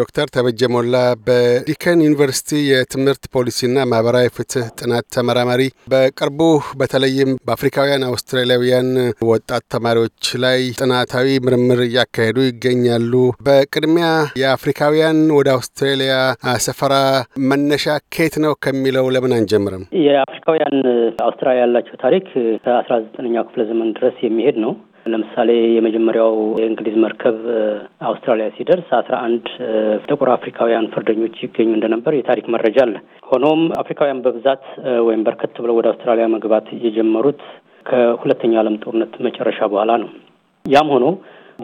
ዶክተር ተበጀ ሞላ በዲከን ዩኒቨርሲቲ የትምህርት ፖሊሲና ማህበራዊ ፍትህ ጥናት ተመራማሪ፣ በቅርቡ በተለይም በአፍሪካውያን አውስትራሊያውያን ወጣት ተማሪዎች ላይ ጥናታዊ ምርምር እያካሄዱ ይገኛሉ። በቅድሚያ የአፍሪካውያን ወደ አውስትራሊያ ሰፈራ መነሻ ከየት ነው ከሚለው ለምን አንጀምርም? የአፍሪካውያን አውስትራሊያ ያላቸው ታሪክ ከአስራ ዘጠነኛው ክፍለ ዘመን ድረስ የሚሄድ ነው። ለምሳሌ የመጀመሪያው የእንግሊዝ መርከብ አውስትራሊያ ሲደርስ አስራ አንድ ጥቁር አፍሪካውያን ፍርደኞች ይገኙ እንደነበር የታሪክ መረጃ አለ። ሆኖም አፍሪካውያን በብዛት ወይም በርከት ብለው ወደ አውስትራሊያ መግባት የጀመሩት ከሁለተኛው ዓለም ጦርነት መጨረሻ በኋላ ነው። ያም ሆኖ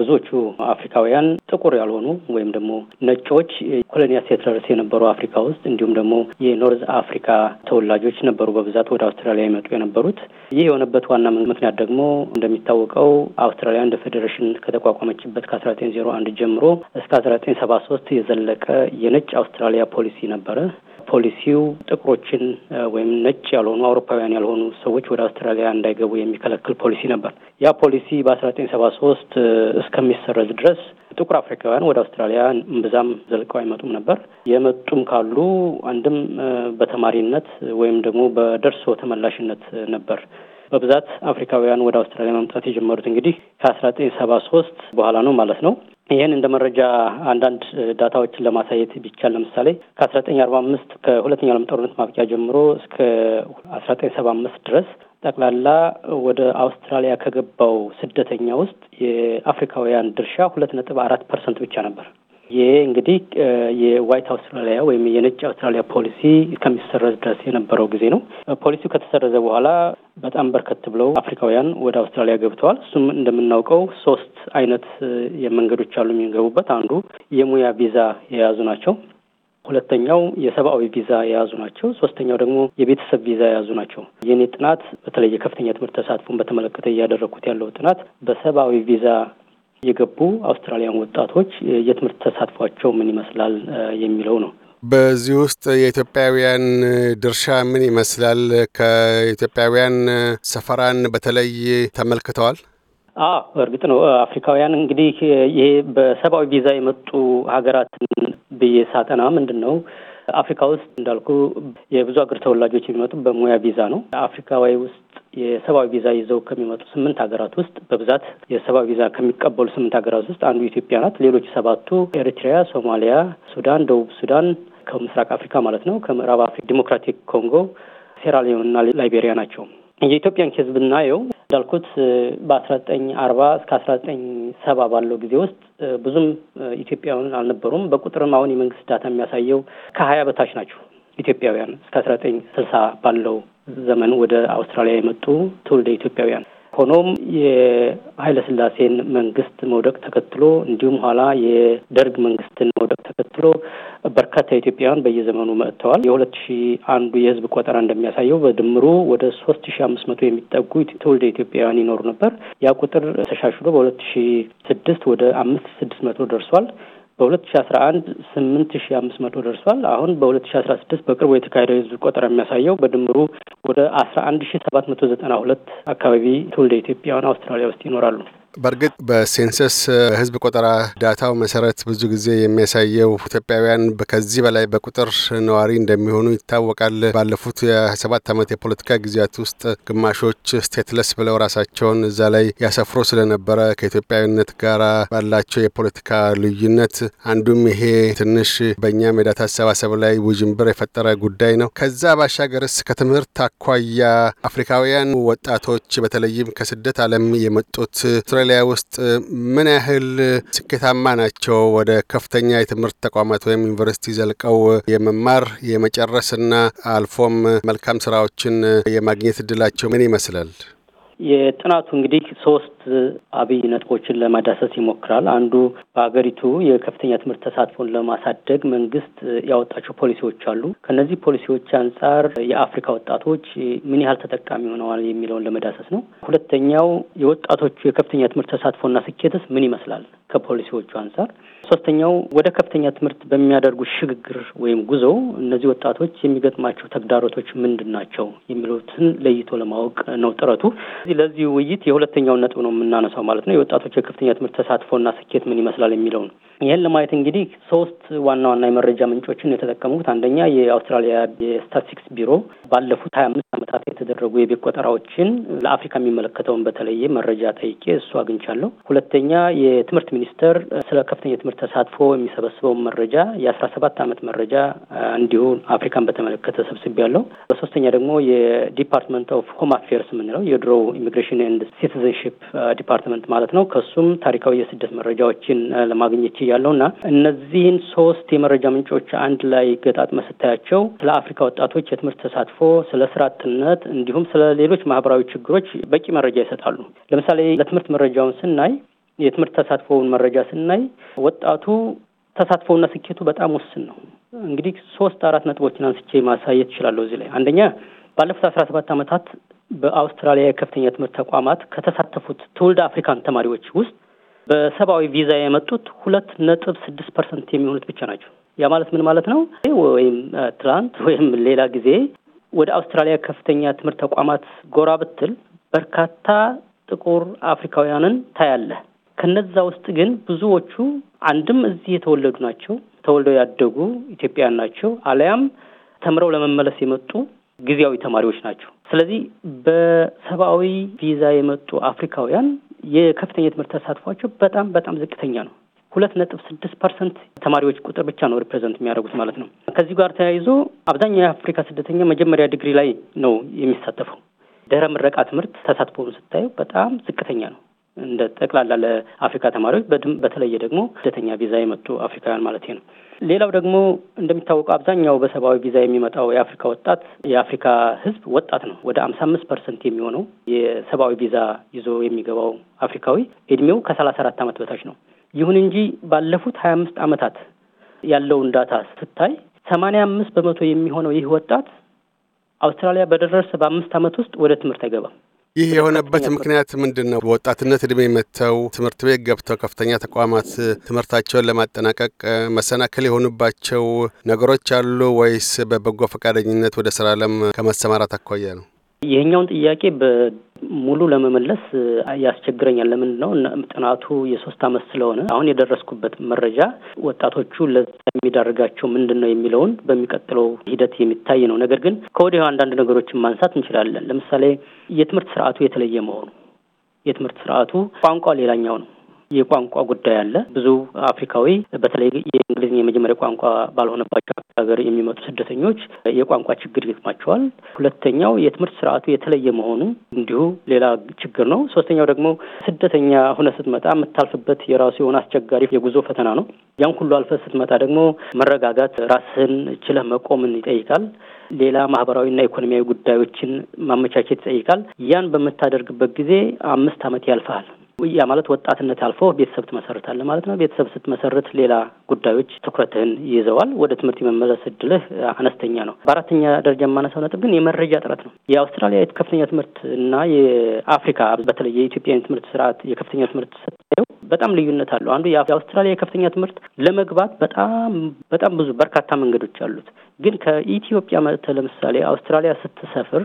ብዙዎቹ አፍሪካውያን ጥቁር ያልሆኑ ወይም ደግሞ ነጮች ኮሎኒያ ሴትለርስ የነበሩ አፍሪካ ውስጥ እንዲሁም ደግሞ የኖርዝ አፍሪካ ተወላጆች ነበሩ በብዛት ወደ አውስትራሊያ ይመጡ የነበሩት። ይህ የሆነበት ዋና ምክንያት ደግሞ እንደሚታወቀው አውስትራሊያ እንደ ፌዴሬሽን ከተቋቋመችበት ከአስራ ዘጠኝ ዜሮ አንድ ጀምሮ እስከ አስራ ዘጠኝ ሰባ ሶስት የዘለቀ የነጭ አውስትራሊያ ፖሊሲ ነበረ። ፖሊሲው ጥቁሮችን ወይም ነጭ ያልሆኑ አውሮፓውያን ያልሆኑ ሰዎች ወደ አውስትራሊያ እንዳይገቡ የሚከለክል ፖሊሲ ነበር። ያ ፖሊሲ በአስራ ዘጠኝ ሰባ ሶስት እስከሚሰረዝ ድረስ ጥቁር አፍሪካውያን ወደ አውስትራሊያ እምብዛም ዘልቀው አይመጡም ነበር። የመጡም ካሉ አንድም በተማሪነት ወይም ደግሞ በደርሶ ተመላሽነት ነበር። በብዛት አፍሪካውያን ወደ አውስትራሊያ መምጣት የጀመሩት እንግዲህ ከአስራ ዘጠኝ ሰባ ሶስት በኋላ ነው ማለት ነው። ይህን እንደ መረጃ አንዳንድ ዳታዎችን ለማሳየት ቢቻል ለምሳሌ ከአስራ ዘጠኝ አርባ አምስት ከሁለተኛው ዓለም ጦርነት ማብቂያ ጀምሮ እስከ አስራ ዘጠኝ ሰባ አምስት ድረስ ጠቅላላ ወደ አውስትራሊያ ከገባው ስደተኛ ውስጥ የአፍሪካውያን ድርሻ ሁለት ነጥብ አራት ፐርሰንት ብቻ ነበር። ይህ እንግዲህ የዋይት አውስትራሊያ ወይም የነጭ አውስትራሊያ ፖሊሲ ከሚሰረዝ ድረስ የነበረው ጊዜ ነው። ፖሊሲው ከተሰረዘ በኋላ በጣም በርከት ብለው አፍሪካውያን ወደ አውስትራሊያ ገብተዋል። እሱም እንደምናውቀው ሶስት አይነት የመንገዶች አሉ የሚገቡበት። አንዱ የሙያ ቪዛ የያዙ ናቸው። ሁለተኛው የሰብአዊ ቪዛ የያዙ ናቸው። ሶስተኛው ደግሞ የቤተሰብ ቪዛ የያዙ ናቸው። የኔ ጥናት በተለይ የከፍተኛ ትምህርት ተሳትፎን በተመለከተ እያደረግኩት ያለው ጥናት በሰብአዊ ቪዛ የገቡ አውስትራሊያን ወጣቶች የትምህርት ተሳትፏቸው ምን ይመስላል የሚለው ነው። በዚህ ውስጥ የኢትዮጵያውያን ድርሻ ምን ይመስላል? ከኢትዮጵያውያን ሰፈራን በተለይ ተመልክተዋል? አዎ እርግጥ ነው። አፍሪካውያን እንግዲህ ይሄ በሰብአዊ ቪዛ የመጡ ሀገራትን ብዬ ሳጠና ምንድን ነው አፍሪካ ውስጥ እንዳልኩ የብዙ ሀገር ተወላጆች የሚመጡ በሙያ ቪዛ ነው። አፍሪካዊ ውስጥ የሰብአዊ ቪዛ ይዘው ከሚመጡ ስምንት ሀገራት ውስጥ በብዛት የሰብአዊ ቪዛ ከሚቀበሉ ስምንት ሀገራት ውስጥ አንዱ ኢትዮጵያ ናት። ሌሎች ሰባቱ ኤሪትሪያ፣ ሶማሊያ፣ ሱዳን፣ ደቡብ ሱዳን ከምስራቅ አፍሪካ ማለት ነው፣ ከምዕራብ አፍሪካ ዲሞክራቲክ ኮንጎ፣ ሴራሊዮን እና ላይቤሪያ ናቸው። የኢትዮጵያን ኬዝ ብናየው እንዳልኩት በአስራ ዘጠኝ አርባ እስከ አስራ ዘጠኝ ሰባ ባለው ጊዜ ውስጥ ብዙም ኢትዮጵያውያን አልነበሩም። በቁጥርም አሁን የመንግስት ዳታ የሚያሳየው ከሀያ በታች ናቸው ኢትዮጵያውያን እስከ አስራ ዘጠኝ ስልሳ ባለው ዘመን ወደ አውስትራሊያ የመጡ ትውልደ ኢትዮጵያውያን። ሆኖም የኃይለ ስላሴን መንግስት መውደቅ ተከትሎ እንዲሁም ኋላ የደርግ መንግስትን መውደቅ ተከትሎ በርካታ ኢትዮጵያውያን በየዘመኑ መጥተዋል። የሁለት ሺ አንዱ የህዝብ ቆጠራ እንደሚያሳየው በድምሩ ወደ ሶስት ሺ አምስት መቶ የሚጠጉ ትውልደ ኢትዮጵያውያን ይኖሩ ነበር። ያ ቁጥር ተሻሽሎ በሁለት ሺ ስድስት ወደ አምስት ስድስት መቶ ደርሷል። በሁለት ሺ አስራ አንድ ስምንት ሺ አምስት መቶ ደርሷል። አሁን በሁለት ሺ አስራ ስድስት በቅርቡ የተካሄደው የህዝብ ቆጠራ የሚያሳየው በድምሩ ወደ አስራ አንድ ሺ ሰባት መቶ ዘጠና ሁለት አካባቢ ትውልደ ኢትዮጵያውያን አውስትራሊያ ውስጥ ይኖራሉ። በእርግጥ በሴንሰስ ህዝብ ቆጠራ ዳታው መሰረት ብዙ ጊዜ የሚያሳየው ኢትዮጵያውያን ከዚህ በላይ በቁጥር ነዋሪ እንደሚሆኑ ይታወቃል። ባለፉት የሰባት ዓመት የፖለቲካ ጊዜያት ውስጥ ግማሾች ስቴትለስ ብለው ራሳቸውን እዛ ላይ ያሰፍሮ ስለነበረ ከኢትዮጵያዊነት ጋር ባላቸው የፖለቲካ ልዩነት አንዱም ይሄ ትንሽ በእኛም የዳታ አሰባሰብ ላይ ውዥንብር የፈጠረ ጉዳይ ነው። ከዛ ባሻገርስ ከትምህርት አኳያ አፍሪካውያን ወጣቶች በተለይም ከስደት ዓለም የመጡት አውስትራሊያ ውስጥ ምን ያህል ስኬታማ ናቸው? ወደ ከፍተኛ የትምህርት ተቋማት ወይም ዩኒቨርሲቲ ዘልቀው የመማር የመጨረስና አልፎም መልካም ስራዎችን የማግኘት እድላቸው ምን ይመስላል? የጥናቱ እንግዲህ ሶስት አብይ ነጥቦችን ለማዳሰስ ይሞክራል። አንዱ በሀገሪቱ የከፍተኛ ትምህርት ተሳትፎን ለማሳደግ መንግስት ያወጣቸው ፖሊሲዎች አሉ። ከነዚህ ፖሊሲዎች አንጻር የአፍሪካ ወጣቶች ምን ያህል ተጠቃሚ ሆነዋል የሚለውን ለመዳሰስ ነው። ሁለተኛው የወጣቶቹ የከፍተኛ ትምህርት ተሳትፎና ስኬትስ ምን ይመስላል ከፖሊሲዎቹ አንጻር። ሶስተኛው ወደ ከፍተኛ ትምህርት በሚያደርጉ ሽግግር ወይም ጉዞ እነዚህ ወጣቶች የሚገጥማቸው ተግዳሮቶች ምንድን ናቸው የሚሉትን ለይቶ ለማወቅ ነው ጥረቱ። ለዚህ ውይይት የሁለተኛው ነጥብ ነው የምናነሳው ማለት ነው። የወጣቶች የከፍተኛ ትምህርት ተሳትፎና ስኬት ምን ይመስላል የሚለው ነው። ይህን ለማየት እንግዲህ ሶስት ዋና ዋና የመረጃ ምንጮችን የተጠቀሙት፣ አንደኛ የአውስትራሊያ የስታቲስቲክስ ቢሮ ባለፉት ሀያ አምስት ዓመታት የተደረጉ የቤት ቆጠራዎችን ለአፍሪካ የሚመለከተውን በተለየ መረጃ ጠይቄ እሱ አግኝቻለሁ። ሁለተኛ የትምህርት ሚኒስቴር ስለ ከፍተኛ ትምህርት ተሳትፎ የሚሰበስበውን መረጃ የአስራ ሰባት ዓመት መረጃ እንዲሁ አፍሪካን በተመለከተ ሰብስቤያለሁ። በሶስተኛ ደግሞ የዲፓርትመንት ኦፍ ሆም አፌርስ የምንለው የድሮው ኢሚግሬሽን ኤንድ ሲቲዘንሽፕ ዲፓርትመንት ማለት ነው። ከሱም ታሪካዊ የስደት መረጃዎችን ለማግኘት ችያለሁ እና እነዚህን ሶስት የመረጃ ምንጮች አንድ ላይ ገጣጥመ ስታያቸው ስለ አፍሪካ ወጣቶች የትምህርት ተሳትፎ፣ ስለ ስራ አጥነት እንዲሁም ስለ ሌሎች ማህበራዊ ችግሮች በቂ መረጃ ይሰጣሉ። ለምሳሌ ለትምህርት መረጃውን ስናይ የትምህርት ተሳትፎውን መረጃ ስናይ ወጣቱ ተሳትፎውና ስኬቱ በጣም ውስን ነው። እንግዲህ ሶስት አራት ነጥቦችን አንስቼ ማሳየት እችላለሁ እዚህ ላይ አንደኛ ባለፉት አስራ ሰባት ዓመታት በአውስትራሊያ የከፍተኛ ትምህርት ተቋማት ከተሳተፉት ትውልድ አፍሪካን ተማሪዎች ውስጥ በሰብአዊ ቪዛ የመጡት ሁለት ነጥብ ስድስት ፐርሰንት የሚሆኑት ብቻ ናቸው። ያ ማለት ምን ማለት ነው? ወይም ትላንት ወይም ሌላ ጊዜ ወደ አውስትራሊያ ከፍተኛ ትምህርት ተቋማት ጎራ ብትል በርካታ ጥቁር አፍሪካውያንን ታያለህ። ከነዛ ውስጥ ግን ብዙዎቹ አንድም እዚህ የተወለዱ ናቸው፣ ተወልደው ያደጉ ኢትዮጵያውያን ናቸው፣ አሊያም ተምረው ለመመለስ የመጡ ጊዜያዊ ተማሪዎች ናቸው። ስለዚህ በሰብአዊ ቪዛ የመጡ አፍሪካውያን የከፍተኛ ትምህርት ተሳትፏቸው በጣም በጣም ዝቅተኛ ነው። ሁለት ነጥብ ስድስት ፐርሰንት ተማሪዎች ቁጥር ብቻ ነው ሪፕሬዘንት የሚያደርጉት ማለት ነው። ከዚህ ጋር ተያይዞ አብዛኛው የአፍሪካ ስደተኛ መጀመሪያ ዲግሪ ላይ ነው የሚሳተፈው። ድህረ ምረቃ ትምህርት ተሳትፎውን ስታዩ በጣም ዝቅተኛ ነው። እንደ ጠቅላላ ለአፍሪካ ተማሪዎች በተለየ ደግሞ ስደተኛ ቪዛ የመጡ አፍሪካውያን ማለት ነው። ሌላው ደግሞ እንደሚታወቀው አብዛኛው በሰብአዊ ቪዛ የሚመጣው የአፍሪካ ወጣት የአፍሪካ ህዝብ ወጣት ነው። ወደ አምሳ አምስት ፐርሰንት የሚሆነው የሰብአዊ ቪዛ ይዞ የሚገባው አፍሪካዊ እድሜው ከሰላሳ አራት ዓመት በታች ነው። ይሁን እንጂ ባለፉት ሀያ አምስት ዓመታት ያለውን ዳታ ስታይ ሰማንያ አምስት በመቶ የሚሆነው ይህ ወጣት አውስትራሊያ በደረሰ በአምስት ዓመት ውስጥ ወደ ትምህርት አይገባም። ይህ የሆነበት ምክንያት ምንድን ነው? በወጣትነት እድሜ መጥተው ትምህርት ቤት ገብተው ከፍተኛ ተቋማት ትምህርታቸውን ለማጠናቀቅ መሰናክል የሆኑባቸው ነገሮች አሉ ወይስ በበጎ ፈቃደኝነት ወደ ስራ አለም ከመሰማራት አኳያ ነው? ይህኛውን ጥያቄ በሙሉ ለመመለስ ያስቸግረኛል። ለምንድን ነው ጥናቱ የሶስት አመት ስለሆነ አሁን የደረስኩበት መረጃ ወጣቶቹ ለዛ የሚዳርጋቸው ምንድን ነው የሚለውን በሚቀጥለው ሂደት የሚታይ ነው። ነገር ግን ከወዲያው አንዳንድ ነገሮችን ማንሳት እንችላለን። ለምሳሌ የትምህርት ስርዓቱ የተለየ መሆኑ የትምህርት ስርዓቱ ቋንቋ ሌላኛው ነው። የቋንቋ ጉዳይ አለ። ብዙ አፍሪካዊ በተለይ የእንግሊዝኛ የመጀመሪያ ቋንቋ ባልሆነባቸው ሀገር የሚመጡ ስደተኞች የቋንቋ ችግር ይገጥማቸዋል። ሁለተኛው የትምህርት ስርዓቱ የተለየ መሆኑ እንዲሁ ሌላ ችግር ነው። ሶስተኛው ደግሞ ስደተኛ ሁነ ስትመጣ የምታልፍበት የራሱ የሆነ አስቸጋሪ የጉዞ ፈተና ነው። ያን ሁሉ አልፈ ስትመጣ ደግሞ መረጋጋት፣ ራስህን ችለህ መቆምን ይጠይቃል። ሌላ ማህበራዊና ኢኮኖሚያዊ ጉዳዮችን ማመቻቸት ይጠይቃል። ያን በምታደርግበት ጊዜ አምስት ዓመት ያልፈሃል። ያ ማለት ወጣትነት አልፎ ቤተሰብ ትመሰርታለህ ማለት ነው። ቤተሰብ ስትመሰርት ሌላ ጉዳዮች ትኩረትህን ይይዘዋል። ወደ ትምህርት የመመለስ እድልህ አነስተኛ ነው። በአራተኛ ደረጃ የማነሳው ነጥብ ግን የመረጃ ጥረት ነው። የአውስትራሊያ ከፍተኛ ትምህርት እና የአፍሪካ በተለይ የኢትዮጵያ ትምህርት ስርዓት የከፍተኛ ትምህርት ስታየው በጣም ልዩነት አለው። አንዱ የአውስትራሊያ የከፍተኛ ትምህርት ለመግባት በጣም በጣም ብዙ በርካታ መንገዶች አሉት። ግን ከኢትዮጵያ መጥተህ ለምሳሌ አውስትራሊያ ስትሰፍር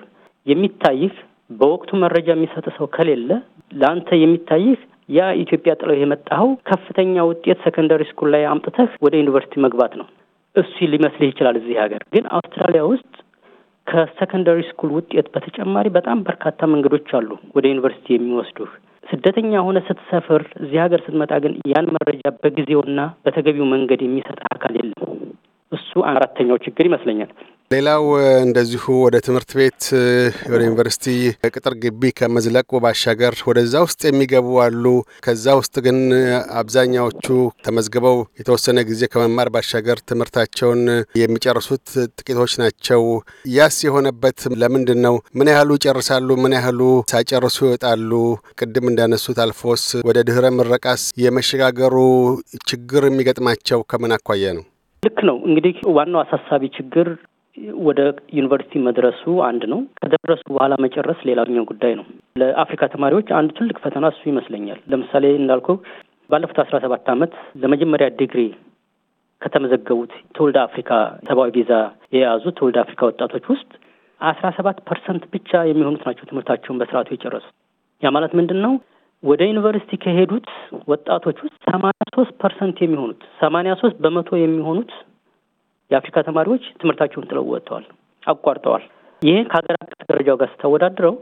የሚታይህ በወቅቱ መረጃ የሚሰጥ ሰው ከሌለ ለአንተ የሚታይህ ያ ኢትዮጵያ ጥለው የመጣኸው ከፍተኛ ውጤት ሰከንደሪ ስኩል ላይ አምጥተህ ወደ ዩኒቨርሲቲ መግባት ነው። እሱ ሊመስልህ ይችላል። እዚህ ሀገር ግን አውስትራሊያ ውስጥ ከሰከንደሪ ስኩል ውጤት በተጨማሪ በጣም በርካታ መንገዶች አሉ ወደ ዩኒቨርሲቲ የሚወስዱህ። ስደተኛ ሆነ ስትሰፍር እዚህ ሀገር ስትመጣ ግን ያን መረጃ በጊዜውና በተገቢው መንገድ የሚሰጥ አካል የለም። እሱ አራተኛው ችግር ይመስለኛል። ሌላው እንደዚሁ ወደ ትምህርት ቤት ወደ ዩኒቨርሲቲ ቅጥር ግቢ ከመዝለቁ ባሻገር ወደዛ ውስጥ የሚገቡ አሉ። ከዛ ውስጥ ግን አብዛኛዎቹ ተመዝግበው የተወሰነ ጊዜ ከመማር ባሻገር ትምህርታቸውን የሚጨርሱት ጥቂቶች ናቸው። ያስ የሆነበት ለምንድን ነው? ምን ያህሉ ይጨርሳሉ? ምን ያህሉ ሳይጨርሱ ይወጣሉ? ቅድም እንዳነሱት አልፎስ ወደ ድህረ ምረቃስ የመሸጋገሩ ችግር የሚገጥማቸው ከምን አኳያ ነው? ልክ ነው። እንግዲህ ዋናው አሳሳቢ ችግር ወደ ዩኒቨርሲቲ መድረሱ አንድ ነው። ከደረሱ በኋላ መጨረስ ሌላኛው ጉዳይ ነው። ለአፍሪካ ተማሪዎች አንዱ ትልቅ ፈተና እሱ ይመስለኛል። ለምሳሌ እንዳልከው ባለፉት አስራ ሰባት አመት ለመጀመሪያ ዲግሪ ከተመዘገቡት ትውልድ አፍሪካ ሰብአዊ ቪዛ የያዙ ትውልድ አፍሪካ ወጣቶች ውስጥ አስራ ሰባት ፐርሰንት ብቻ የሚሆኑት ናቸው ትምህርታቸውን በስርዓቱ የጨረሱት። ያ ማለት ምንድን ነው? ወደ ዩኒቨርሲቲ ከሄዱት ወጣቶች ውስጥ ሰማንያ ሶስት ፐርሰንት የሚሆኑት ሰማንያ ሶስት በመቶ የሚሆኑት የአፍሪካ ተማሪዎች ትምህርታቸውን ጥለው ወጥተዋል፣ አቋርጠዋል። ይህ ከሀገር አቀፍ ደረጃው ጋር ስታወዳድረው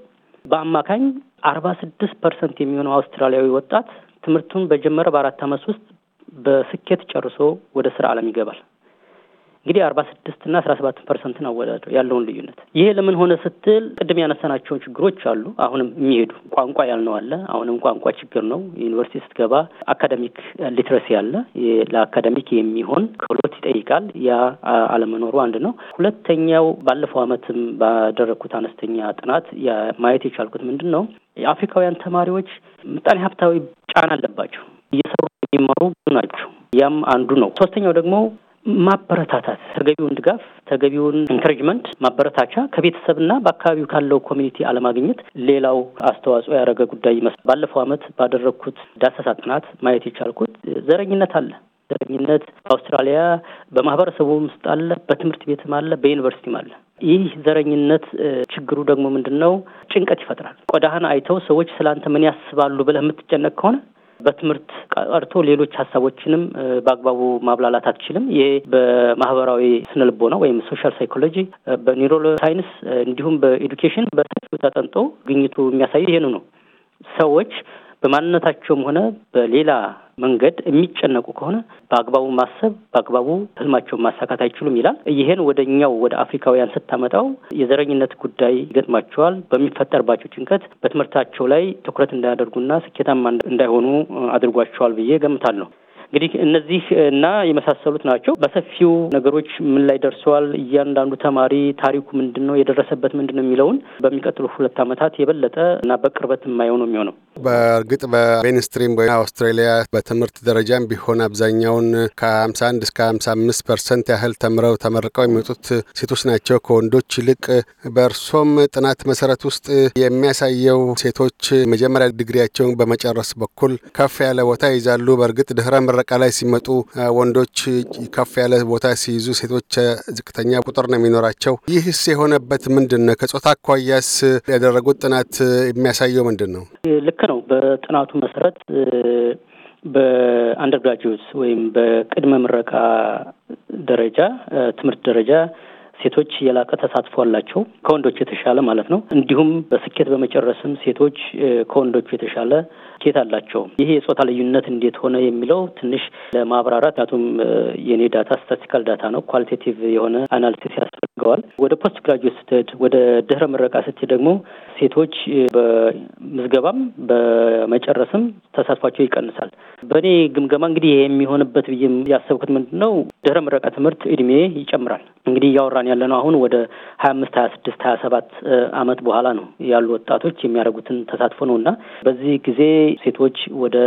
በአማካኝ አርባ ስድስት ፐርሰንት የሚሆነው አውስትራሊያዊ ወጣት ትምህርቱን በጀመረ በአራት አመት ውስጥ በስኬት ጨርሶ ወደ ስራ አለም ይገባል። እንግዲህ አርባ ስድስት ና አስራ ሰባት ፐርሰንት ነው አወዳደረው ያለውን ልዩነት። ይሄ ለምን ሆነ ስትል ቅድም ያነሳናቸውን ችግሮች አሉ አሁንም የሚሄዱ ቋንቋ ያልነው አለ። አሁንም ቋንቋ ችግር ነው። ዩኒቨርሲቲ ስትገባ አካደሚክ ሊትረሲ አለ። ለአካደሚክ የሚሆን ክህሎት ይጠይቃል። ያ አለመኖሩ አንድ ነው። ሁለተኛው ባለፈው ዓመትም ባደረግኩት አነስተኛ ጥናት ማየት የቻልኩት ምንድን ነው የአፍሪካውያን ተማሪዎች ምጣኔ ሀብታዊ ጫና አለባቸው። እየሰሩ የሚማሩ ናቸው። ያም አንዱ ነው። ሶስተኛው ደግሞ ማበረታታት ተገቢውን ድጋፍ ተገቢውን ኢንክሬጅመንት ማበረታቻ ከቤተሰብና በአካባቢው ካለው ኮሚኒቲ አለማግኘት ሌላው አስተዋጽኦ ያደረገ ጉዳይ ይመስላል። ባለፈው ዓመት ባደረግኩት ዳሰሳ ጥናት ማየት የቻልኩት ዘረኝነት አለ። ዘረኝነት በአውስትራሊያ በማህበረሰቡ ውስጥ አለ፣ በትምህርት ቤትም አለ፣ በዩኒቨርሲቲም አለ። ይህ ዘረኝነት ችግሩ ደግሞ ምንድን ነው? ጭንቀት ይፈጥራል። ቆዳህን አይተው ሰዎች ስለአንተ ምን ያስባሉ ብለህ የምትጨነቅ ከሆነ በትምህርት ቀርቶ ሌሎች ሀሳቦችንም በአግባቡ ማብላላት አትችልም። ይሄ በማህበራዊ ስነልቦና ወይም ሶሻል ሳይኮሎጂ፣ በኒውሮ ሳይንስ እንዲሁም በኤዱኬሽን በሰፊው ተጠንጦ ግኝቱ የሚያሳየው ይሄኑ ነው። ሰዎች በማንነታቸውም ሆነ በሌላ መንገድ የሚጨነቁ ከሆነ በአግባቡ ማሰብ በአግባቡ ህልማቸውን ማሳካት አይችሉም ይላል። ይህን ወደ እኛው ወደ አፍሪካውያን ስታመጣው የዘረኝነት ጉዳይ ይገጥማቸዋል። በሚፈጠርባቸው ጭንቀት በትምህርታቸው ላይ ትኩረት እንዳያደርጉና ስኬታማ እንዳይሆኑ አድርጓቸዋል ብዬ ገምታለሁ። እንግዲህ እነዚህ እና የመሳሰሉት ናቸው። በሰፊው ነገሮች ምን ላይ ደርሰዋል፣ እያንዳንዱ ተማሪ ታሪኩ ምንድን ነው፣ የደረሰበት ምንድን ነው የሚለውን በሚቀጥሉ ሁለት ዓመታት የበለጠ እና በቅርበት የማየው ነው የሚሆነው። በእርግጥ በሜንስትሪም ወይ አውስትራሊያ በትምህርት ደረጃም ቢሆን አብዛኛውን ከ51 እስከ 55 ፐርሰንት ያህል ተምረው ተመርቀው የሚወጡት ሴቶች ናቸው ከወንዶች ይልቅ። በእርሶም ጥናት መሰረት ውስጥ የሚያሳየው ሴቶች መጀመሪያ ዲግሪያቸውን በመጨረስ በኩል ከፍ ያለ ቦታ ይዛሉ። በእርግጥ ድህረ ምረቃ ላይ ሲመጡ ወንዶች ከፍ ያለ ቦታ ሲይዙ፣ ሴቶች ዝቅተኛ ቁጥር ነው የሚኖራቸው። ይህስ የሆነበት ምንድን ነው? ከጾታ አኳያስ ያደረጉት ጥናት የሚያሳየው ምንድን ነው? ልክ ነው። በጥናቱ መሰረት በአንደርግራጁዌት ወይም በቅድመ ምረቃ ደረጃ ትምህርት ደረጃ ሴቶች የላቀ ተሳትፎ አላቸው ከወንዶች የተሻለ ማለት ነው። እንዲሁም በስኬት በመጨረስም ሴቶች ከወንዶቹ የተሻለ ስኬት አላቸው። ይህ የጾታ ልዩነት እንዴት ሆነ የሚለው ትንሽ ለማብራራት፣ ምክንያቱም የኔ ዳታ ስታቲካል ዳታ ነው። ኳሊቴቲቭ የሆነ አናሊሲስ አድርገዋል። ወደ ፖስት ግራጁዌት ስትሄድ ወደ ድህረ ምረቃ ስትሄድ ደግሞ ሴቶች በምዝገባም በመጨረስም ተሳትፏቸው ይቀንሳል። በእኔ ግምገማ እንግዲህ ይሄ የሚሆንበት ብዬ ያሰብኩት ምንድን ነው ድህረ ምረቃ ትምህርት እድሜ ይጨምራል። እንግዲህ እያወራን ያለ ነው አሁን ወደ ሀያ አምስት ሀያ ስድስት ሀያ ሰባት አመት በኋላ ነው ያሉ ወጣቶች የሚያደርጉትን ተሳትፎ ነው እና በዚህ ጊዜ ሴቶች ወደ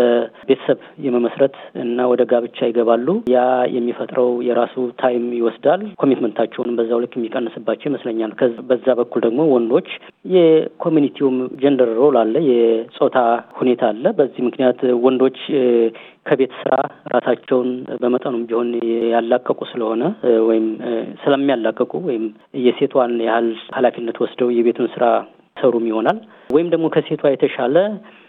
ቤተሰብ የመመስረት እና ወደ ጋብቻ ይገባሉ። ያ የሚፈጥረው የራሱ ታይም ይወስዳል። ኮሚትመንታቸውንም በዛው ልክ የሚቀንስባቸው ይመስለኛል። በዛ በኩል ደግሞ ወንዶች የኮሚኒቲውም ጀንደር ሮል አለ፣ የጾታ ሁኔታ አለ። በዚህ ምክንያት ወንዶች ከቤት ስራ ራሳቸውን በመጠኑም ቢሆን ያላቀቁ ስለሆነ ወይም ስለሚያላቀቁ ወይም የሴቷን ያህል ኃላፊነት ወስደው የቤቱን ስራ ሰሩም ይሆናል ወይም ደግሞ ከሴቷ የተሻለ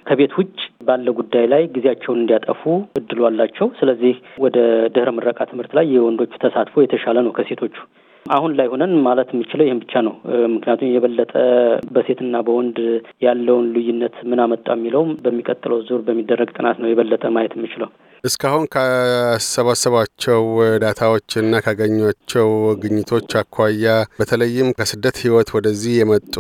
ከቤት ውጭ ባለ ጉዳይ ላይ ጊዜያቸውን እንዲያጠፉ እድሉ አላቸው። ስለዚህ ወደ ድህረ ምረቃ ትምህርት ላይ የወንዶቹ ተሳትፎ የተሻለ ነው ከሴቶቹ። አሁን ላይ ሆነን ማለት የምችለው ይህን ብቻ ነው። ምክንያቱም የበለጠ በሴትና በወንድ ያለውን ልዩነት ምን አመጣ የሚለውም በሚቀጥለው ዙር በሚደረግ ጥናት ነው የበለጠ ማየት የምችለው። እስካሁን ካሰባሰባቸው ዳታዎችና ካገኟቸው ግኝቶች አኳያ በተለይም ከስደት ህይወት ወደዚህ የመጡ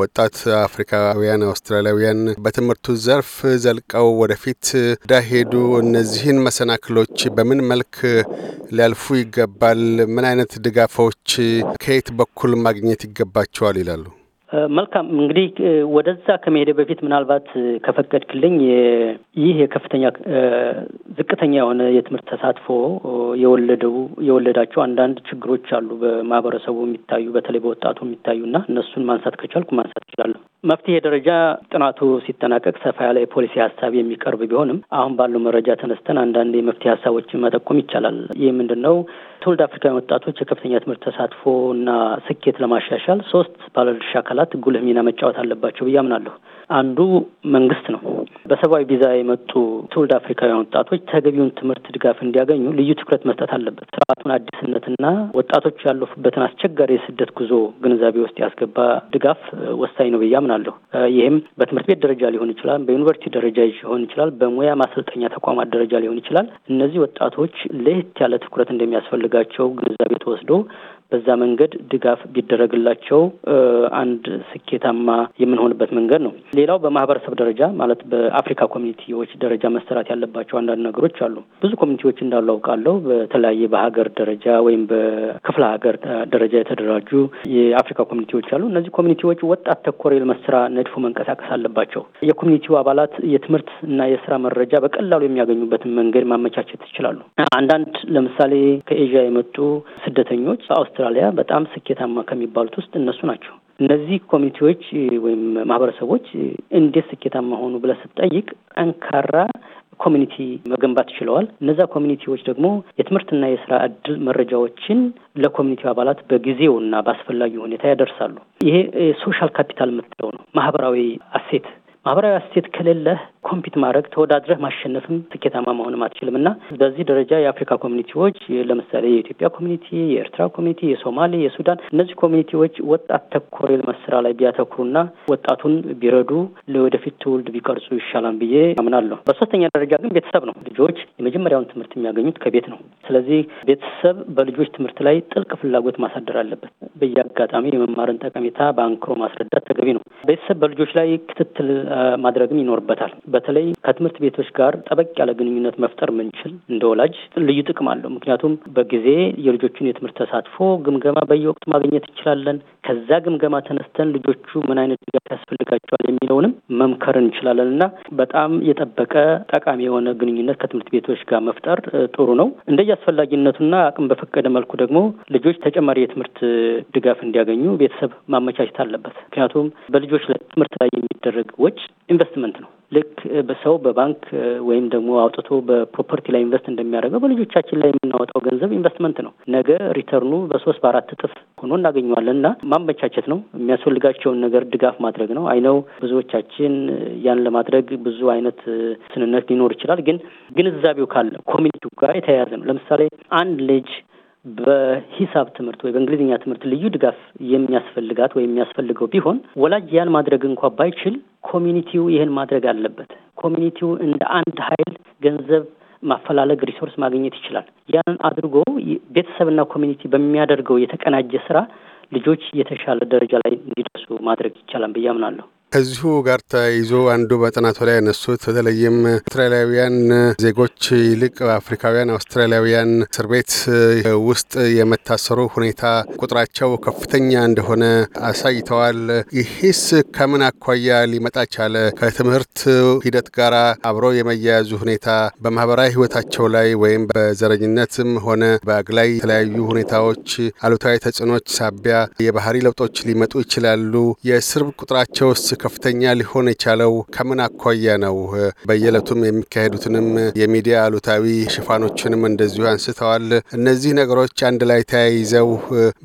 ወጣት አፍሪካውያን፣ አውስትራሊያውያን በትምህርቱ ዘርፍ ዘልቀው ወደፊት እንዳይሄዱ እነዚህን መሰናክሎች በምን መልክ ሊያልፉ ይገባል? ምን አይነት ድጋፎች ከየት በኩል ማግኘት ይገባቸዋል ይላሉ? መልካም እንግዲህ ወደዛ ከመሄደ በፊት ምናልባት ከፈቀድክልኝ ይህ የከፍተኛ ዝቅተኛ የሆነ የትምህርት ተሳትፎ የወለደው የወለዳቸው አንዳንድ ችግሮች አሉ በማህበረሰቡ የሚታዩ በተለይ በወጣቱ የሚታዩ እና እነሱን ማንሳት ከቻልኩ ማንሳት እችላለሁ። መፍትሄ ደረጃ ጥናቱ ሲጠናቀቅ ሰፋ ያለ የፖሊሲ ሀሳብ የሚቀርብ ቢሆንም አሁን ባለው መረጃ ተነስተን አንዳንድ የመፍትሄ ሀሳቦችን መጠቆም ይቻላል። ይህ ምንድን ነው? ትውልድ አፍሪካውያን ወጣቶች የከፍተኛ ትምህርት ተሳትፎ እና ስኬት ለማሻሻል ሶስት ባለድርሻ አካላት አካላት ጉልህ ሚና መጫወት አለባቸው ብዬ አምናለሁ። አንዱ መንግስት ነው። በሰብአዊ ቪዛ የመጡ ትውልድ አፍሪካውያን ወጣቶች ተገቢውን ትምህርት ድጋፍ እንዲያገኙ ልዩ ትኩረት መስጠት አለበት። ስርዓቱን አዲስነትና ወጣቶች ያለፉበትን አስቸጋሪ የስደት ጉዞ ግንዛቤ ውስጥ ያስገባ ድጋፍ ወሳኝ ነው ብዬ አምናለሁ። ይህም በትምህርት ቤት ደረጃ ሊሆን ይችላል፣ በዩኒቨርሲቲ ደረጃ ሊሆን ይችላል፣ በሙያ ማሰልጠኛ ተቋማት ደረጃ ሊሆን ይችላል። እነዚህ ወጣቶች ለየት ያለ ትኩረት እንደሚያስፈልጋቸው ግንዛቤ ተወስዶ በዛ መንገድ ድጋፍ ቢደረግላቸው አንድ ስኬታማ የምንሆንበት መንገድ ነው። ሌላው በማህበረሰብ ደረጃ ማለት በአፍሪካ ኮሚኒቲዎች ደረጃ መሰራት ያለባቸው አንዳንድ ነገሮች አሉ። ብዙ ኮሚኒቲዎች እንዳሉ አውቃለሁ። በተለያየ በሀገር ደረጃ ወይም በክፍለ ሀገር ደረጃ የተደራጁ የአፍሪካ ኮሚኒቲዎች አሉ። እነዚህ ኮሚኒቲዎች ወጣት ተኮር የልማት ስራ ነድፎ መንቀሳቀስ አለባቸው። የኮሚኒቲው አባላት የትምህርት እና የስራ መረጃ በቀላሉ የሚያገኙበትን መንገድ ማመቻቸት ይችላሉ። አንዳንድ ለምሳሌ ከኤዥያ የመጡ ስደተኞች አውስተ አውስትራሊያ በጣም ስኬታማ ከሚባሉት ውስጥ እነሱ ናቸው። እነዚህ ኮሚኒቲዎች ወይም ማህበረሰቦች እንዴት ስኬታማ ሆኑ ብለህ ስትጠይቅ ጠንካራ ኮሚኒቲ መገንባት ችለዋል። እነዛ ኮሚኒቲዎች ደግሞ የትምህርትና የስራ እድል መረጃዎችን ለኮሚኒቲው አባላት በጊዜውና በአስፈላጊ ሁኔታ ያደርሳሉ። ይሄ ሶሻል ካፒታል የምትለው ነው፣ ማህበራዊ አሴት ማህበራዊ አስቴት ከሌለህ ኮምፒት ማድረግ ተወዳድረህ ማሸነፍም ስኬታማ መሆንም አትችልም እና በዚህ ደረጃ የአፍሪካ ኮሚኒቲዎች ለምሳሌ የኢትዮጵያ ኮሚኒቲ፣ የኤርትራ ኮሚኒቲ፣ የሶማሌ፣ የሱዳን እነዚህ ኮሚኒቲዎች ወጣት ተኮር የልማት ስራ ላይ ቢያተኩሩና ወጣቱን ቢረዱ ለወደፊት ትውልድ ቢቀርጹ ይሻላል ብዬ አምናለሁ። በሶስተኛ ደረጃ ግን ቤተሰብ ነው። ልጆች የመጀመሪያውን ትምህርት የሚያገኙት ከቤት ነው። ስለዚህ ቤተሰብ በልጆች ትምህርት ላይ ጥልቅ ፍላጎት ማሳደር አለበት። በየአጋጣሚ የመማርን ጠቀሜታ በአንክሮ ማስረዳት ተገቢ ነው። ቤተሰብ በልጆች ላይ ክትትል ማድረግም ይኖርበታል። በተለይ ከትምህርት ቤቶች ጋር ጠበቅ ያለ ግንኙነት መፍጠር ምንችል እንደ ወላጅ ልዩ ጥቅም አለው። ምክንያቱም በጊዜ የልጆቹን የትምህርት ተሳትፎ ግምገማ በየወቅቱ ማግኘት እንችላለን። ከዛ ግምገማ ተነስተን ልጆቹ ምን አይነት ድጋፍ ያስፈልጋቸዋል የሚለውንም መምከር እንችላለን እና በጣም የጠበቀ ጠቃሚ የሆነ ግንኙነት ከትምህርት ቤቶች ጋር መፍጠር ጥሩ ነው። እንደየ አስፈላጊነቱና አቅም በፈቀደ መልኩ ደግሞ ልጆች ተጨማሪ የትምህርት ድጋፍ እንዲያገኙ ቤተሰብ ማመቻቸት አለበት። ምክንያቱም በልጆች ትምህርት ላይ የሚደረግ ወጪ ኢንቨስትመንት ነው። ልክ በሰው በባንክ ወይም ደግሞ አውጥቶ በፕሮፐርቲ ላይ ኢንቨስት እንደሚያደርገው በልጆቻችን ላይ የምናወጣው ገንዘብ ኢንቨስትመንት ነው። ነገ ሪተርኑ በሶስት በአራት እጥፍ ሆኖ እናገኘዋለን እና ማመቻቸት ነው። የሚያስፈልጋቸውን ነገር ድጋፍ ማድረግ ነው። አይነው ብዙዎቻችን ያን ለማድረግ ብዙ አይነት ስንነት ሊኖር ይችላል። ግን ግንዛቤው ካለ ኮሚኒቲው ጋር የተያያዘ ነው። ለምሳሌ አንድ ልጅ በሂሳብ ትምህርት ወይ በእንግሊዝኛ ትምህርት ልዩ ድጋፍ የሚያስፈልጋት ወይም የሚያስፈልገው ቢሆን ወላጅ ያን ማድረግ እንኳ ባይችል ኮሚኒቲው ይህን ማድረግ አለበት። ኮሚኒቲው እንደ አንድ ኃይል ገንዘብ ማፈላለግ ሪሶርስ ማግኘት ይችላል። ያንን አድርጎ ቤተሰብና ኮሚኒቲ በሚያደርገው የተቀናጀ ስራ ልጆች የተሻለ ደረጃ ላይ እንዲደርሱ ማድረግ ይቻላል ብዬ አምናለሁ። ከዚሁ ጋር ተያይዞ አንዱ በጥናቱ ላይ ያነሱት በተለይም አውስትራሊያውያን ዜጎች ይልቅ አፍሪካውያን አውስትራሊያውያን እስር ቤት ውስጥ የመታሰሩ ሁኔታ ቁጥራቸው ከፍተኛ እንደሆነ አሳይተዋል። ይህስ ከምን አኳያ ሊመጣ ቻለ? ከትምህርት ሂደት ጋር አብሮ የመያያዙ ሁኔታ በማህበራዊ ህይወታቸው ላይ ወይም በዘረኝነትም ሆነ በአግላይ የተለያዩ ሁኔታዎች አሉታዊ ተጽዕኖች ሳቢያ የባህሪ ለውጦች ሊመጡ ይችላሉ። የእስር ቁጥራቸውስ ከፍተኛ ሊሆን የቻለው ከምን አኳያ ነው? በየዕለቱም የሚካሄዱትንም የሚዲያ አሉታዊ ሽፋኖችንም እንደዚሁ አንስተዋል። እነዚህ ነገሮች አንድ ላይ ተያይዘው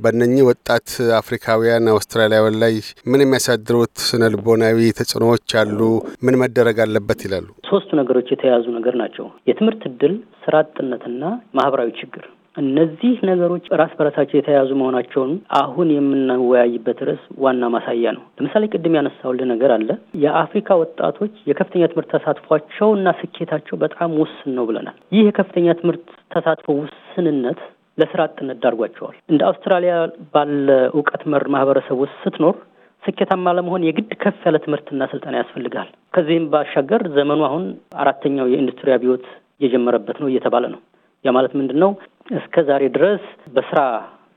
በእነኚህ ወጣት አፍሪካውያን አውስትራሊያውያን ላይ ምን የሚያሳድሩት ስነ ልቦናዊ ተጽዕኖዎች አሉ? ምን መደረግ አለበት ይላሉ? ሶስቱ ነገሮች የተያያዙ ነገር ናቸው። የትምህርት እድል፣ ስራ አጥነትና ማህበራዊ ችግር እነዚህ ነገሮች ራስ በራሳቸው የተያያዙ መሆናቸውን አሁን የምናወያይበት ርዕስ ዋና ማሳያ ነው። ለምሳሌ ቅድም ያነሳሁልህ ነገር አለ። የአፍሪካ ወጣቶች የከፍተኛ ትምህርት ተሳትፏቸው እና ስኬታቸው በጣም ውስን ነው ብለናል። ይህ የከፍተኛ ትምህርት ተሳትፎ ውስንነት ለስራ አጥነት ዳርጓቸዋል። እንደ አውስትራሊያ ባለ እውቀት መር ማህበረሰብ ውስጥ ስትኖር ስኬታማ ለመሆን የግድ ከፍ ያለ ትምህርትና ስልጠና ያስፈልጋል። ከዚህም ባሻገር ዘመኑ አሁን አራተኛው የኢንዱስትሪ አብዮት የጀመረበት ነው እየተባለ ነው። ያ ማለት ምንድን ነው? እስከ ዛሬ ድረስ በስራ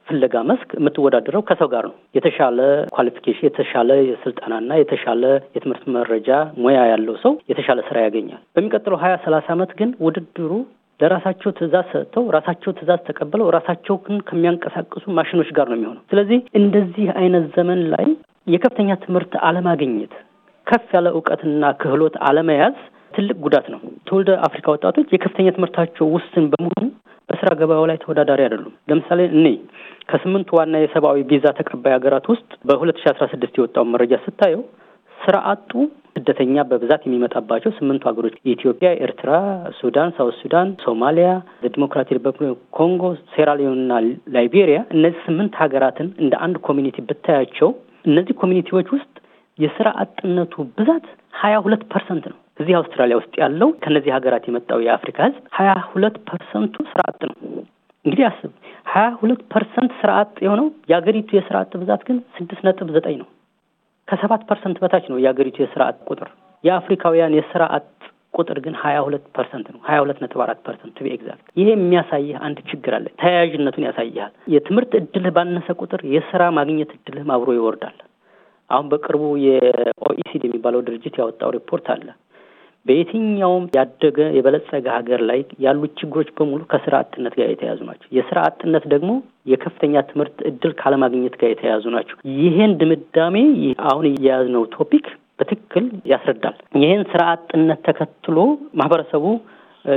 ፍለጋ መስክ የምትወዳደረው ከሰው ጋር ነው። የተሻለ ኳሊፊኬሽን፣ የተሻለ የስልጠናና የተሻለ የትምህርት መረጃ ሙያ ያለው ሰው የተሻለ ስራ ያገኛል። በሚቀጥለው ሀያ ሰላሳ ዓመት ግን ውድድሩ ለራሳቸው ትዕዛዝ ሰጥተው ራሳቸው ትእዛዝ ተቀብለው ራሳቸው ግን ከሚያንቀሳቅሱ ማሽኖች ጋር ነው የሚሆነው። ስለዚህ እንደዚህ አይነት ዘመን ላይ የከፍተኛ ትምህርት አለማግኘት፣ ከፍ ያለ እውቀትና ክህሎት አለመያዝ ትልቅ ጉዳት ነው። ትውልደ አፍሪካ ወጣቶች የከፍተኛ ትምህርታቸው ውስን በመሆኑ በስራ ገበያው ላይ ተወዳዳሪ አይደሉም። ለምሳሌ እኔ ከስምንቱ ዋና የሰብአዊ ቪዛ ተቀባይ ሀገራት ውስጥ በሁለት ሺ አስራ ስድስት የወጣውን መረጃ ስታየው ስራ አጡ ስደተኛ በብዛት የሚመጣባቸው ስምንቱ ሀገሮች ኢትዮጵያ፣ ኤርትራ፣ ሱዳን፣ ሳውት ሱዳን፣ ሶማሊያ፣ ዲሞክራቲክ ሪፐብሊክ ኮንጎ፣ ሴራሊዮንና ላይቤሪያ እነዚህ ስምንት ሀገራትን እንደ አንድ ኮሚኒቲ ብታያቸው እነዚህ ኮሚኒቲዎች ውስጥ የስራ አጥነቱ ብዛት ሀያ ሁለት ፐርሰንት ነው። እዚህ አውስትራሊያ ውስጥ ያለው ከእነዚህ ሀገራት የመጣው የአፍሪካ ህዝብ ሀያ ሁለት ፐርሰንቱ ስራ አጥ ነው። እንግዲህ አስብ ሀያ ሁለት ፐርሰንት ስራ አጥ የሆነው የአገሪቱ የስራ አጥ ብዛት ግን ስድስት ነጥብ ዘጠኝ ነው። ከሰባት ፐርሰንት በታች ነው የአገሪቱ የስራ አጥ ቁጥር። የአፍሪካውያን የስራ አጥ ቁጥር ግን ሀያ ሁለት ፐርሰንት ነው። ሀያ ሁለት ነጥብ አራት ፐርሰንት ቱ ቢ ኤግዛክት። ይሄ የሚያሳይህ አንድ ችግር አለ። ተያያዥነቱን ያሳይሃል። የትምህርት እድልህ ባነሰ ቁጥር የስራ ማግኘት እድልህም አብሮ ይወርዳል። አሁን በቅርቡ የኦኢሲዲ የሚባለው ድርጅት ያወጣው ሪፖርት አለ። በየትኛውም ያደገ የበለጸገ ሀገር ላይ ያሉት ችግሮች በሙሉ ከስራ አጥነት ጋር የተያያዙ ናቸው። የስራ አጥነት ደግሞ የከፍተኛ ትምህርት እድል ካለማግኘት ጋር የተያዙ ናቸው። ይህን ድምዳሜ አሁን የያዝነው ቶፒክ በትክክል ያስረዳል። ይህን ስራ አጥነት ተከትሎ ማህበረሰቡ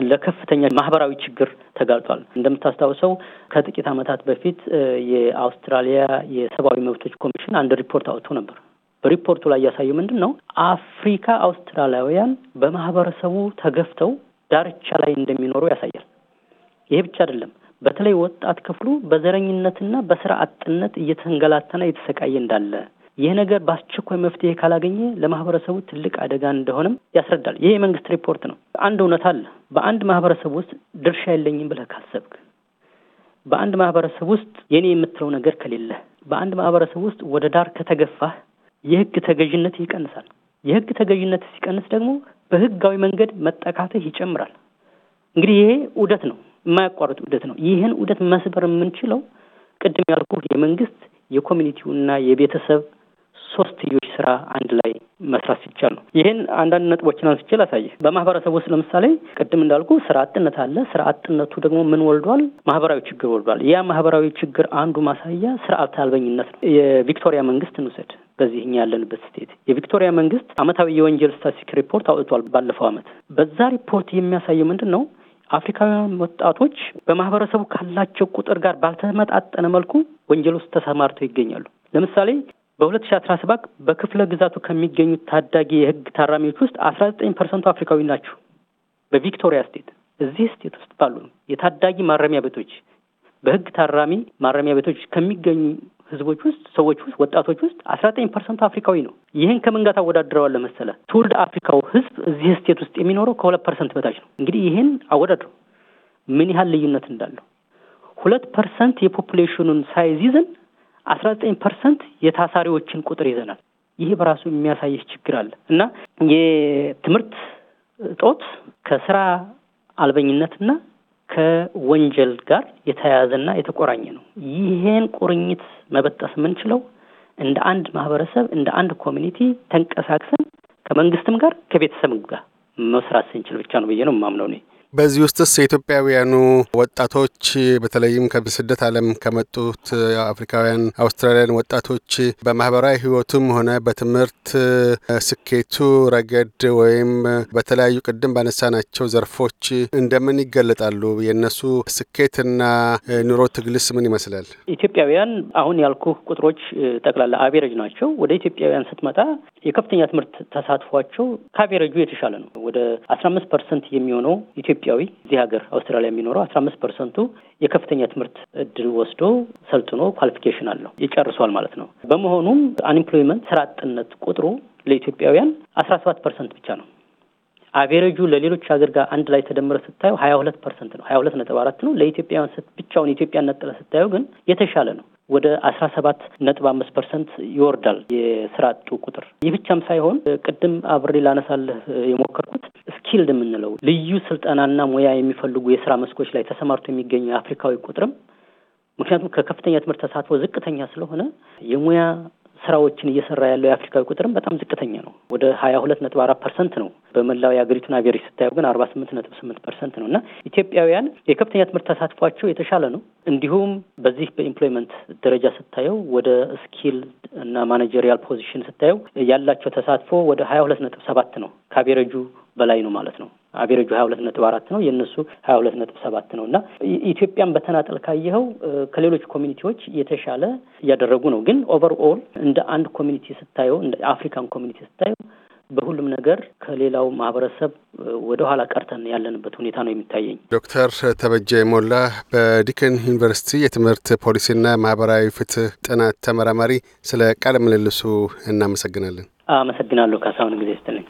ለከፍተኛ ማህበራዊ ችግር ተጋልጧል። እንደምታስታውሰው ከጥቂት ዓመታት በፊት የአውስትራሊያ የሰብአዊ መብቶች ኮሚሽን አንድ ሪፖርት አውጥቶ ነበር። በሪፖርቱ ላይ ያሳየው ምንድን ነው? አፍሪካ አውስትራሊያውያን በማህበረሰቡ ተገፍተው ዳርቻ ላይ እንደሚኖሩ ያሳያል። ይሄ ብቻ አይደለም። በተለይ ወጣት ክፍሉ በዘረኝነትና በስራ አጥነት እየተንገላታና እየተሰቃየ እንዳለ ይህ ነገር በአስቸኳይ መፍትሄ ካላገኘ ለማህበረሰቡ ትልቅ አደጋ እንደሆነም ያስረዳል። ይሄ የመንግስት ሪፖርት ነው። አንድ እውነት አለ። በአንድ ማህበረሰብ ውስጥ ድርሻ የለኝም ብለህ ካልሰብክ፣ በአንድ ማህበረሰብ ውስጥ የኔ የምትለው ነገር ከሌለ፣ በአንድ ማህበረሰብ ውስጥ ወደ ዳር ከተገፋህ የህግ ተገዥነት ይቀንሳል። የህግ ተገዥነት ሲቀንስ ደግሞ በህጋዊ መንገድ መጠካትህ ይጨምራል። እንግዲህ ይሄ ውደት ነው፣ የማያቋርጥ ውደት ነው። ይህን ውደት መስበር የምንችለው ቅድም ያልኩ የመንግስት የኮሚኒቲውና የቤተሰብ ሶስትዮሽ ስራ አንድ ላይ መስራት ሲቻል ነው። ይህን አንዳንድ ነጥቦችን አንስችል አሳየ በማህበረሰብ ውስጥ ለምሳሌ ቅድም እንዳልኩ ስራ አጥነት አለ። ስራ አጥነቱ ደግሞ ምን ወልዷል? ማህበራዊ ችግር ወልዷል። ያ ማህበራዊ ችግር አንዱ ማሳያ ስርአት አልበኝነት ነው። የቪክቶሪያ መንግስት እንውሰድ። በዚህ እኛ ያለንበት ስቴት የቪክቶሪያ መንግስት አመታዊ የወንጀል ስታሲክ ሪፖርት አውጥቷል ባለፈው አመት። በዛ ሪፖርት የሚያሳየው ምንድን ነው? አፍሪካውያን ወጣቶች በማህበረሰቡ ካላቸው ቁጥር ጋር ባልተመጣጠነ መልኩ ወንጀል ውስጥ ተሰማርተው ይገኛሉ። ለምሳሌ በሁለት ሺ አስራ ሰባት በክፍለ ግዛቱ ከሚገኙት ታዳጊ የህግ ታራሚዎች ውስጥ አስራ ዘጠኝ ፐርሰንቱ አፍሪካዊ ናቸው። በቪክቶሪያ ስቴት እዚህ ስቴት ውስጥ ባሉ የታዳጊ ማረሚያ ቤቶች በህግ ታራሚ ማረሚያ ቤቶች ከሚገኙ ህዝቦች ውስጥ ሰዎች ውስጥ ወጣቶች ውስጥ አስራ ዘጠኝ ፐርሰንቱ አፍሪካዊ ነው። ይህን ከምን ጋር ለመሰለ መሰለህ? ትውልድ አፍሪካው ህዝብ እዚህ ስቴት ውስጥ የሚኖረው ከሁለት ፐርሰንት በታች ነው። እንግዲህ ይህን አወዳድሩ ምን ያህል ልዩነት እንዳለው። ሁለት ፐርሰንት የፖፑሌሽኑን ሳይዝ ይዘን አስራ ዘጠኝ ፐርሰንት የታሳሪዎችን ቁጥር ይዘናል። ይሄ በራሱ የሚያሳይህ ችግር አለ እና የትምህርት እጦት ከስራ አልበኝነትና ከወንጀል ጋር የተያያዘና የተቆራኘ ነው። ይህን ቁርኝት መበጠስ የምንችለው እንደ አንድ ማህበረሰብ እንደ አንድ ኮሚኒቲ ተንቀሳቅሰን ከመንግስትም ጋር ከቤተሰብም ጋር መስራት ስንችል ብቻ ነው ብዬ ነው የማምነው እኔ። በዚህ ውስጥስ የኢትዮጵያውያኑ ወጣቶች በተለይም ከስደት ዓለም ከመጡት አፍሪካውያን አውስትራሊያን ወጣቶች በማህበራዊ ህይወቱም ሆነ በትምህርት ስኬቱ ረገድ ወይም በተለያዩ ቅድም ባነሳናቸው ዘርፎች እንደምን ይገለጣሉ? የእነሱ ስኬትና ኑሮ ትግልስ ምን ይመስላል? ኢትዮጵያውያን አሁን ያልኩ ቁጥሮች ጠቅላላ አቬሬጅ ናቸው። ወደ ኢትዮጵያውያን ስትመጣ የከፍተኛ ትምህርት ተሳትፏቸው ከአቬሬጁ የተሻለ ነው። ወደ አስራ አምስት ፐርሰንት የሚሆነው ኢትዮጵያዊ እዚህ ሀገር አውስትራሊያ የሚኖረው አስራ አምስት ፐርሰንቱ የከፍተኛ ትምህርት እድል ወስዶ ሰልጥኖ ኳሊፊኬሽን አለው ይጨርሷል ማለት ነው። በመሆኑም አንኤምፕሎይመንት ስራ አጥነት ቁጥሩ ለኢትዮጵያውያን አስራ ሰባት ፐርሰንት ብቻ ነው። አቬሬጁ ለሌሎች ሀገር ጋር አንድ ላይ ተደምረ ስታየው ሀያ ሁለት ፐርሰንት ነው ሀያ ሁለት ነጥብ አራት ነው። ለኢትዮጵያውያን ብቻውን ኢትዮጵያን ነጥለ ስታየው ግን የተሻለ ነው። ወደ አስራ ሰባት ነጥብ አምስት ፐርሰንት ይወርዳል የስራ አጡ ቁጥር። ይህ ብቻም ሳይሆን ቅድም አብሬ ላነሳልህ የሞከርኩት ስኪልድ የምንለው ልዩ ስልጠናና ሙያ የሚፈልጉ የስራ መስኮች ላይ ተሰማርቶ የሚገኙ የአፍሪካዊ ቁጥርም ምክንያቱም ከከፍተኛ ትምህርት ተሳትፎ ዝቅተኛ ስለሆነ የሙያ ስራዎችን እየሰራ ያለው የአፍሪካዊ ቁጥርም በጣም ዝቅተኛ ነው። ወደ ሀያ ሁለት ነጥብ አራት ፐርሰንት ነው። በመላው የአገሪቱን አቬሬጅ ስታየው ግን አርባ ስምንት ነጥብ ስምንት ፐርሰንት ነው እና ኢትዮጵያውያን የከፍተኛ ትምህርት ተሳትፏቸው የተሻለ ነው። እንዲሁም በዚህ በኢምፕሎይመንት ደረጃ ስታየው ወደ ስኪል እና ማኔጀሪያል ፖዚሽን ስታየው ያላቸው ተሳትፎ ወደ ሀያ ሁለት ነጥብ ሰባት ነው። ከአቬሬጁ በላይ ነው ማለት ነው። አቬሬጁ ሀያ ሁለት ነጥብ አራት ነው። የእነሱ ሀያ ሁለት ነጥብ ሰባት ነው እና ኢትዮጵያን በተናጠል ካየኸው ከሌሎች ኮሚኒቲዎች የተሻለ እያደረጉ ነው። ግን ኦቨር ኦል እንደ አንድ ኮሚኒቲ ስታየው፣ እንደ አፍሪካን ኮሚኒቲ ስታየው በሁሉም ነገር ከሌላው ማህበረሰብ ወደ ኋላ ቀርተን ያለንበት ሁኔታ ነው የሚታየኝ። ዶክተር ተበጀ ሞላ በዲከን ዩኒቨርሲቲ የትምህርት ፖሊሲና ማህበራዊ ፍትህ ጥናት ተመራማሪ፣ ስለ ቃለ ምልልሱ እናመሰግናለን። አመሰግናለሁ ካሳሁን ጊዜ ስትልኝ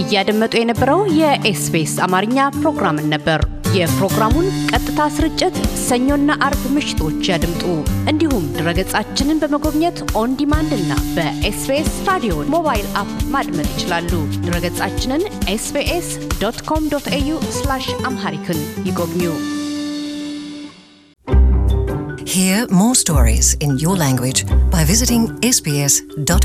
እያደመጡ የነበረው የኤስቢኤስ አማርኛ ፕሮግራምን ነበር። የፕሮግራሙን ቀጥታ ስርጭት ሰኞና አርብ ምሽቶች ያድምጡ። እንዲሁም ድረገጻችንን በመጎብኘት ኦን ዲማንድ እና በኤስቢኤስ ራዲዮ ሞባይል አፕ ማድመጥ ይችላሉ። ድረገጻችንን ኤስቢኤስ ዶት ኮም ዶት ኤዩ አምሃሪክን ይጎብኙ። Hear more stories in your language by visiting sbs.com.au.